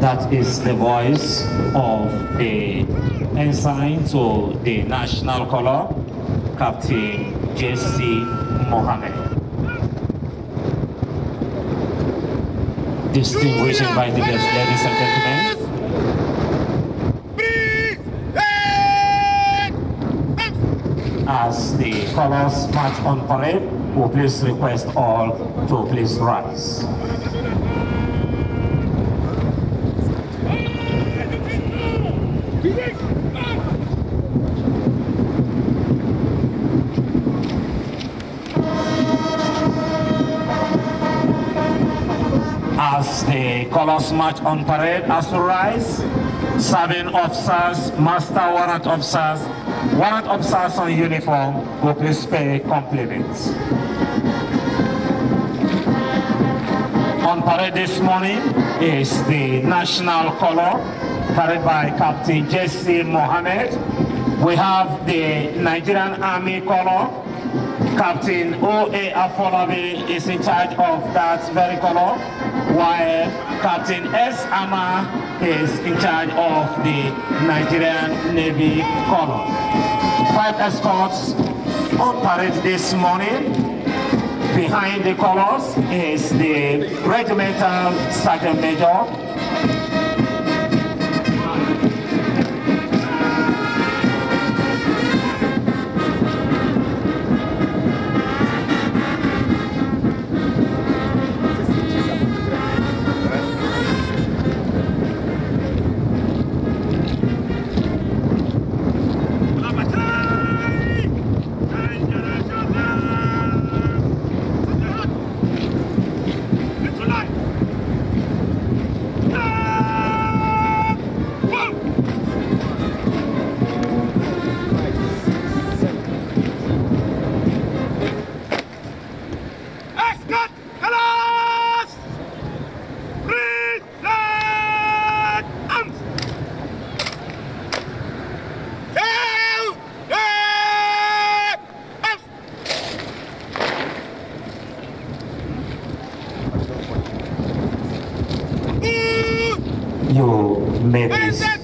That is the voice of the ensign to the national color, Captain J.C. Mohammed. Distinguished invited guests, ladies and gentlemen, as the colors march on parade, we please request all to please rise. as the colors march on parade as to rise. Serving officers, master warrant officers, warrant officers on uniform will please pay compliments. On parade this morning is the national color carried by Captain Jesse Mohammed. We have the Nigerian Army color Captain O.A. Afolabi is in charge of that very color, while Captain S. Ama is in charge of the Nigerian Navy color. Five escorts on parade this morning behind the colors is the regimental sergeant major you may be